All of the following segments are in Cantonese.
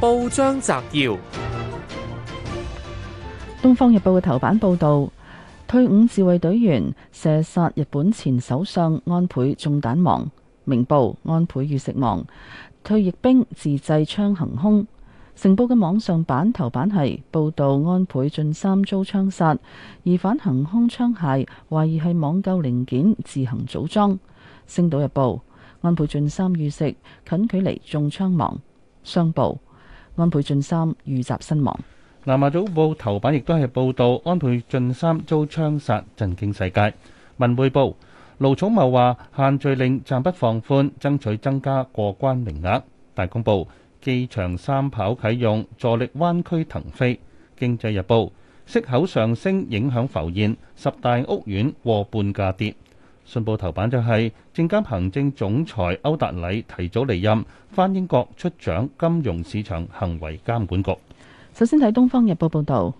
報章摘要：《東方日報》嘅頭版報道，退伍自衛隊員射殺日本前首相安倍中彈亡。《明報》安倍遇刺亡。退役兵自製槍行凶。《成報》嘅網上版頭版係報道安倍晉三遭槍殺，疑犯行凶槍械，懷疑係網購零件自行組裝。《星島日報》安倍晉三遇刺，近距離中槍亡。《商報》安倍晉三遇襲身亡。南華早報頭版亦都係報道安倍晉三遭槍殺，震驚世界。文匯報盧寵茂話限聚令暫不放寬，爭取增加過關名額。大公報機場三跑啟用，助力灣區騰飛。經濟日報息口上升影響浮現，十大屋苑過半價跌。信報頭版就係、是、證監行政總裁歐達禮提早離任，返英國出掌金融市場行為監管局。首先睇《東方日報》報導。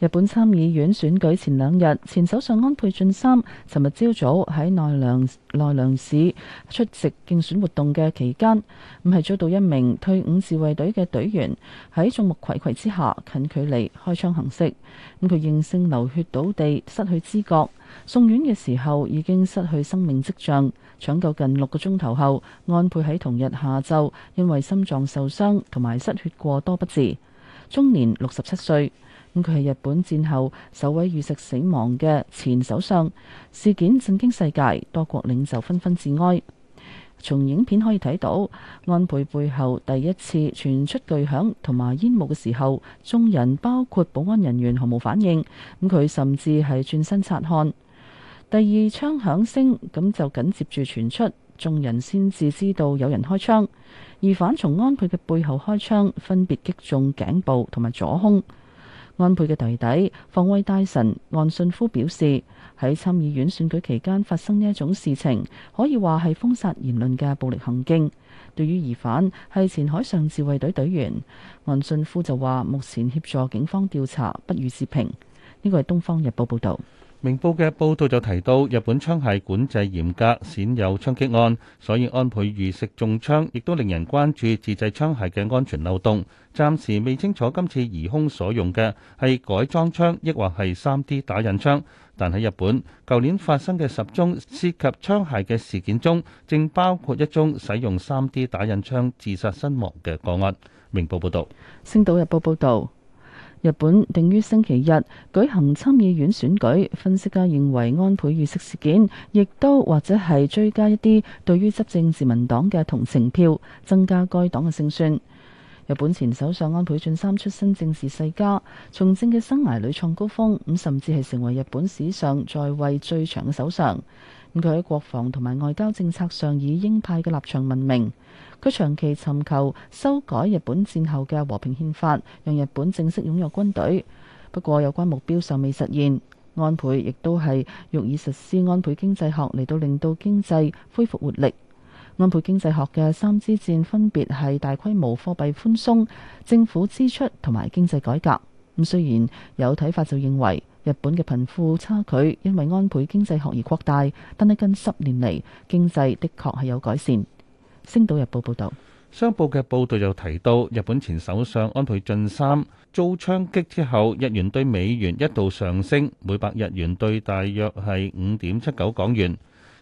日本參議院選舉前兩日，前首相安倍晉三，尋日朝早喺奈良奈良市出席競選活動嘅期間，唔係遭到一名退伍自衛隊嘅隊員喺眾目睽睽之下近距離開槍行刺，咁佢應聲流血倒地，失去知覺，送院嘅時候已經失去生命跡象，搶救近六個鐘頭後，安倍喺同日下晝因為心臟受傷同埋失血過多不治，終年六十七歲。佢係日本戰後首位遇刺死亡嘅前首相，事件震驚世界，多國領袖紛紛致哀。從影片可以睇到，安倍背後第一次傳出巨響同埋煙霧嘅時候，眾人包括保安人員毫無反應。咁佢甚至係轉身察看。第二槍響聲咁就緊接住傳出，眾人先至知道有人開槍。疑犯從安倍嘅背後開槍，分別擊中頸部同埋左胸。安倍嘅弟弟防衛大臣岸信夫表示，喺參議院選舉期間發生呢一種事情，可以話係封殺言論嘅暴力行徑。對於疑犯係前海上自衛隊隊員，岸信夫就話目前協助警方調查，不予置評。呢個係《東方日報》報道。明報嘅報道就提到，日本槍械管制嚴格，鮮有槍擊案，所以安倍遇食中槍，亦都令人關注自製槍械嘅安全漏洞。暫時未清楚今次疑兇所用嘅係改裝槍，亦或係三 D 打印槍。但喺日本，舊年發生嘅十宗涉及槍械嘅事件中，正包括一宗使用三 D 打印槍自殺身亡嘅個案。明報報導，《星島日報》報導。日本定於星期日舉行參議院選舉，分析家認為安倍遇刺事件亦都或者係追加一啲對於執政自民黨嘅同情票，增加該黨嘅勝算。日本前首相安倍晉三出身政治世家，從政嘅生涯屢創高峰，咁甚至係成為日本史上在位最長嘅首相。咁佢喺國防同埋外交政策上以鷹派嘅立場聞名。佢長期尋求修改日本戰後嘅和平憲法，讓日本正式擁有軍隊。不過，有關目標尚未實現。安倍亦都係欲以實施安倍經濟學嚟到令到經濟恢復活力。安倍經濟學嘅三支箭分別係大規模貨幣寬鬆、政府支出同埋經濟改革。咁雖然有睇法就認為日本嘅貧富差距因為安倍經濟學而擴大，但係近十年嚟經濟的確係有改善。星島日報報道，商報嘅報道又提到，日本前首相安倍晉三遭槍擊之後，日元兌美元一度上升，每百日元兌大約係五點七九港元。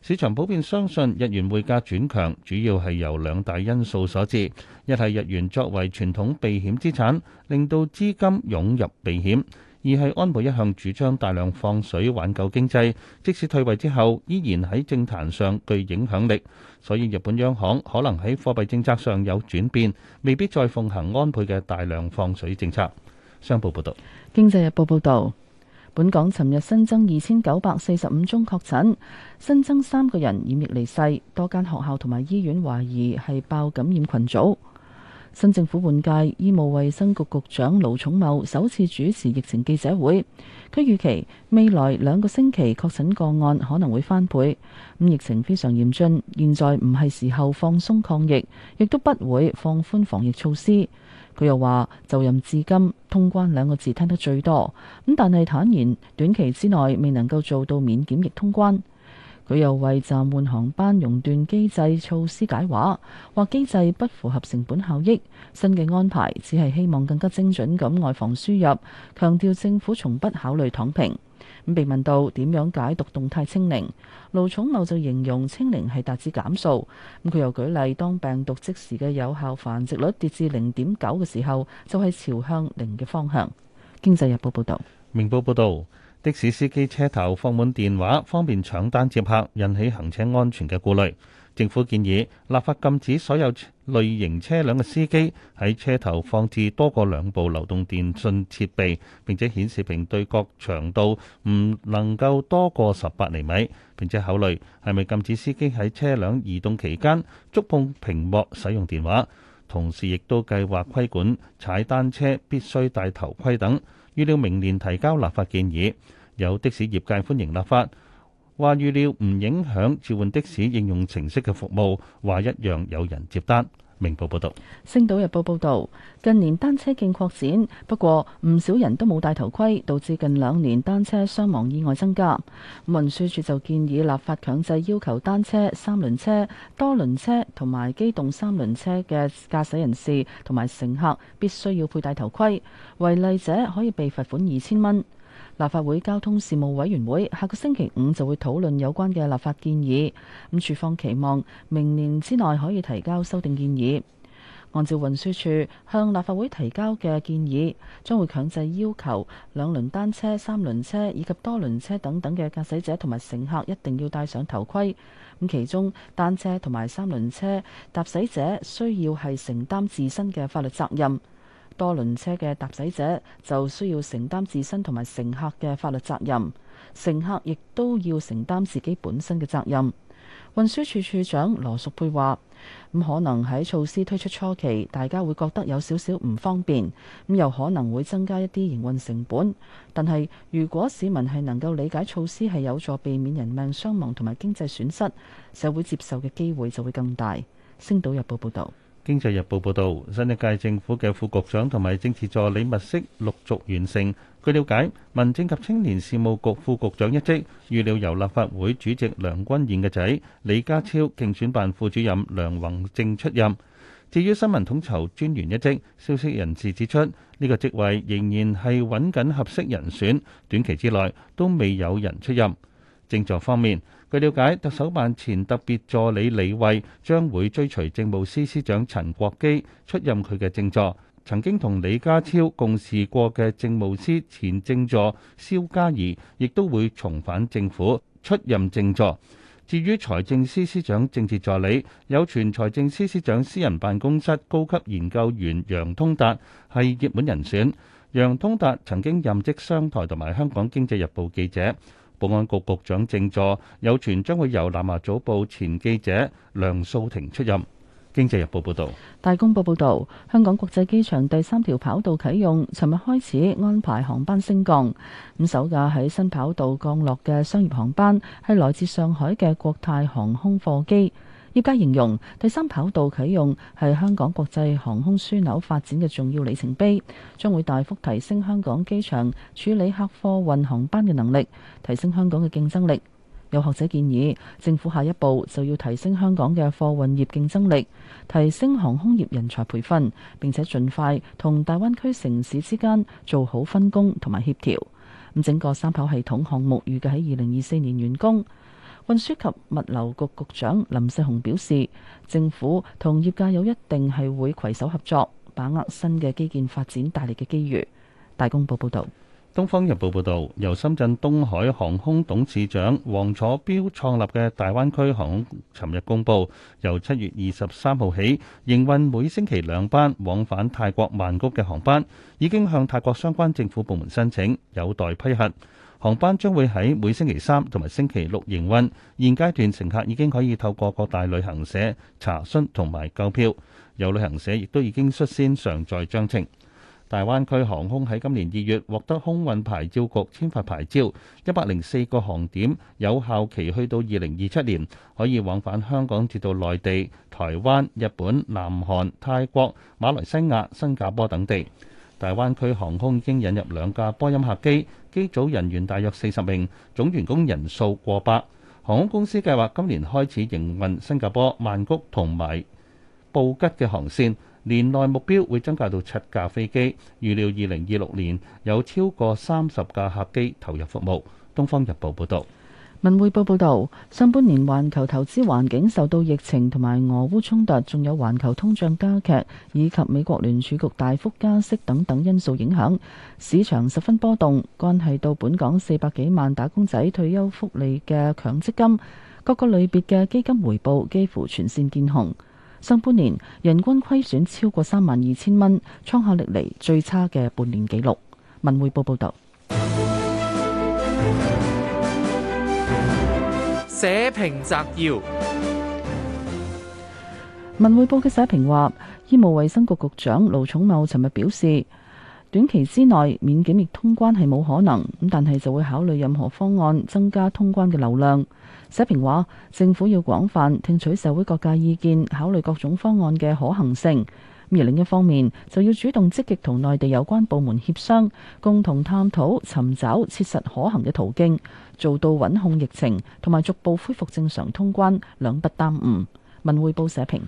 市場普遍相信日元匯價轉強，主要係由兩大因素所致，一係日元作為傳統避險資產，令到資金湧入避險。二係安倍一向主張大量放水挽救經濟，即使退位之後，依然喺政壇上具影響力。所以日本央行可能喺貨幣政策上有轉變，未必再奉行安倍嘅大量放水政策。商報報導，《經濟日報》報道：「本港尋日新增二千九百四十五宗確診，新增三個人染疫離世，多間學校同埋醫院懷疑係爆感染群組。新政府換屆，醫務衛生局局長盧寵茂首次主持疫情記者會。佢預期未來兩個星期確診個案可能會翻倍，咁疫情非常嚴峻，現在唔係時候放鬆抗疫，亦都不會放寬防疫措施。佢又話就任至今，通關兩個字聽得最多，咁但係坦言短期之內未能夠做到免檢疫通關。佢又為暫緩航班熔斷機制措施解話，話機制不符合成本效益，新嘅安排只係希望更加精準咁外防輸入，強調政府從不考慮躺平。被問到點樣解讀動態清零，盧寵茂就形容清零係達至減數。咁佢又舉例，當病毒即時嘅有效繁殖率跌至零點九嘅時候，就係朝向零嘅方向。經濟日報報道。明報報導。的士司機車頭放滿電話，方便搶單接客，引起行車安全嘅顧慮。政府建議立法禁止所有類型車輛嘅司機喺車頭放置多過兩部流動電訊設備，並且顯示屏對角長度唔能夠多過十八厘米。並且考慮係咪禁止司機喺車輛移動期間觸碰屏幕使用電話。同時亦都計劃規管踩單車必須戴頭盔等。預料明年提交立法建議，有的士業界歡迎立法，話預料唔影響召喚的士應用程式嘅服務，話一樣有人接單。明報報道，星島日報報道，近年單車徑擴展，不過唔少人都冇戴頭盔，導致近兩年單車傷亡意外增加。運輸署就建議立法強制要求單車、三輪車、多輪車同埋機動三輪車嘅駕駛人士同埋乘客必須要佩戴頭盔，違例者可以被罰款二千蚊。立法會交通事務委員會下個星期五就會討論有關嘅立法建議，咁處方期望明年之內可以提交修訂建議。按照運輸處向立法會提交嘅建議，將會強制要求兩輪單車、三輪車以及多輪車等等嘅駕駛者同埋乘客一定要戴上頭盔。咁其中單車同埋三輪車駕駛者需要係承擔自身嘅法律責任。多輪車嘅搭仔者就需要承擔自身同埋乘客嘅法律責任，乘客亦都要承擔自己本身嘅責任。運輸處處長羅淑佩話：咁、嗯、可能喺措施推出初期，大家會覺得有少少唔方便，咁、嗯、又可能會增加一啲營運成本。但係如果市民係能夠理解措施係有助避免人命傷亡同埋經濟損失，社會接受嘅機會就會更大。星島日報報導。經濟日報報導，新一屆政府嘅副局長同埋政治助理物色陸續完成。據了解，民政及青年事務局副局長一職預料由立法會主席梁君彥嘅仔李家超競選辦副主任梁宏正出任。至於新聞統籌專員一職，消息人士指出，呢、這個職位仍然係揾緊合適人選，短期之內都未有人出任。政助方面。據了解，特首辦前特別助理李慧將會追隨政務司司長陳國基出任佢嘅政助。曾經同李家超共事過嘅政務司前政助蕭嘉怡，亦都會重返政府出任政助。至於財政司司長政治助理，有傳前財政司司長私人辦公室高級研究員楊通達係熱門人選。楊通達曾經任職商台同埋香港經濟日報記者。保安局局長正座，有傳將會由南華早報前記者梁素婷出任。經濟日報報道，大公報報道，香港國際機場第三條跑道啟用，尋日開始安排航班升降。咁首架喺新跑道降落嘅商業航班係來自上海嘅國泰航空貨機。業界形容第三跑道啟用係香港國際航空樞紐發展嘅重要里程碑，將會大幅提升香港機場處理客貨運航班嘅能力，提升香港嘅競爭力。有學者建議，政府下一步就要提升香港嘅貨運業競爭力，提升航空業人才培訓，並且盡快同大灣區城市之間做好分工同埋協調。咁整個三跑系統項目預計喺二零二四年完工。運輸及物流局局長林世雄表示，政府同業界有一定係會攜手合作，把握新嘅基建發展帶嚟嘅機遇。大公報報道，東方日報報道，由深圳東海航空董事長黃楚標創立嘅大灣區航空，尋日公布，由七月二十三號起營運每星期兩班往返泰國曼谷嘅航班，已經向泰國相關政府部門申請，有待批核。航班將會喺每星期三同埋星期六營運。現階段乘客已經可以透過各大旅行社查詢同埋購票。有旅行社亦都已經率先上載章程。大灣區航空喺今年二月獲得空運牌照局簽發牌照，一百零四個航點，有效期去到二零二七年，可以往返香港至到內地、台灣、日本、南韓、泰國、馬來西亞、新加坡等地。大灣區航空已經引入兩架波音客機，機組人員大約四十名，總員工人數過百。航空公司計劃今年開始營運新加坡、曼谷同埋布吉嘅航線，年內目標會增加到七架飛機，預料二零二六年有超過三十架客機投入服務。《東方日報》報導。文匯報報道，上半年環球投資環境受到疫情同埋俄烏衝突，仲有環球通脹加劇，以及美國聯儲局大幅加息等等因素影響，市場十分波動。關係到本港四百幾萬打工仔退休福利嘅強積金，各個類別嘅基金回報幾乎全線見紅。上半年人均虧損超過三萬二千蚊，創下歷嚟最差嘅半年紀錄。文匯報報道。 社評摘要：文匯報嘅社評話，醫務衛生局局長盧寵茂尋日表示，短期之內免檢疫通關係冇可能，咁但係就會考慮任何方案，增加通關嘅流量。社評話，政府要廣泛聽取社會各界意見，考慮各種方案嘅可行性。而另一方面，就要主動積極同內地有關部門協商，共同探討、尋找切實可行嘅途徑，做到穩控疫情同埋逐步恢復正常通關兩不耽誤。文匯報社評。《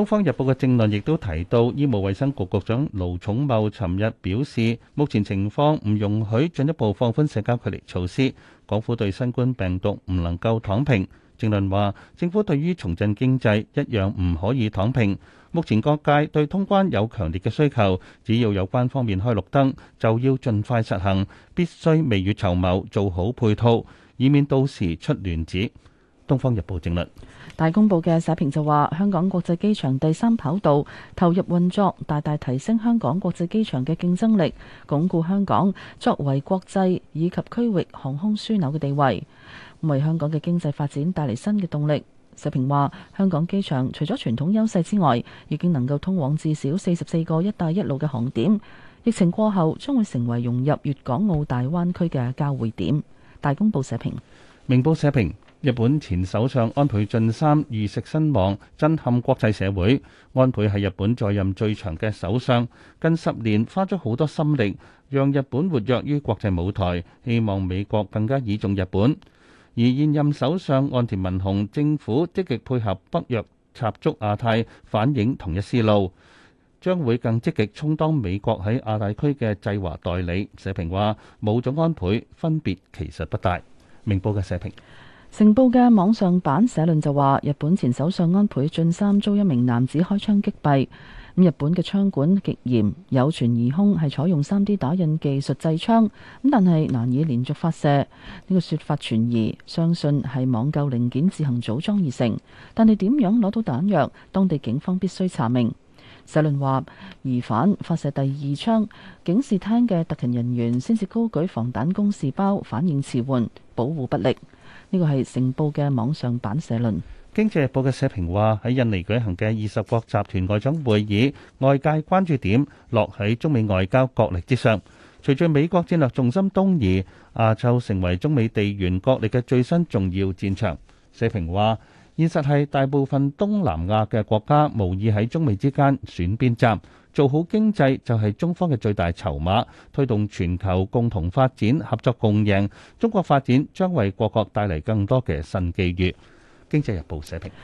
東方日報》嘅政論亦都提到，醫務衛生局局長盧寵茂尋日表示，目前情況唔容許進一步放寬社交距離措施，港府對新冠病毒唔能夠躺平。政論話：政府對於重振經濟一樣唔可以躺平。目前各界對通關有強烈嘅需求，只要有關方面開綠燈，就要盡快實行。必須未雨綢繆，做好配套，以免到時出亂子。《東方日報政論》政論。大公報嘅社評就話：香港國際機場第三跑道投入運作，大大提升香港國際機場嘅競爭力，鞏固香港作為國際以及區域航空樞紐嘅地位。為香港嘅經濟發展帶嚟新嘅動力，社評話：香港機場除咗傳統優勢之外，已經能夠通往至少四十四個「一帶一路」嘅航點。疫情過後，將會成為融入粵港澳大灣區嘅交匯點。大公報社評、明報社評：日本前首相安倍晉三遇刺身亡，震撼國際社會。安倍係日本在任最長嘅首相，近十年花咗好多心力，讓日本活躍於國際舞台，希望美國更加倚重日本。而現任首相岸田文雄政府積極配合北約插足亞太，反映同一思路，將會更積極充當美國喺亞太區嘅制華代理。社評話：冇咗安倍，分別其實不大。明報嘅社評，成報嘅網上版社論就話：日本前首相安倍晉三遭一名男子開槍擊斃。日本嘅槍管極嚴，有傳疑兇係採用 3D 打印技術製槍，咁但係難以連續發射呢、這個説法存疑，相信係網購零件自行組裝而成。但係點樣攞到彈藥，當地警方必須查明。社論話疑犯發射第二槍，警視廳嘅特勤人員先至高舉防彈公事包，反應遲緩，保護不力。呢、這個係成報嘅網上版社論。《經濟日報》嘅社評話：喺印尼舉行嘅二十國集團外長會議，外界關注點落喺中美外交角力之上。隨住美國戰略重心東移，亞洲成為中美地緣角力嘅最新重要戰場。社評話：現實係大部分東南亞嘅國家無意喺中美之間選邊站，做好經濟就係中方嘅最大籌碼，推動全球共同發展合作共贏。中國發展將為各國帶嚟更多嘅新機遇。經濟日報社評。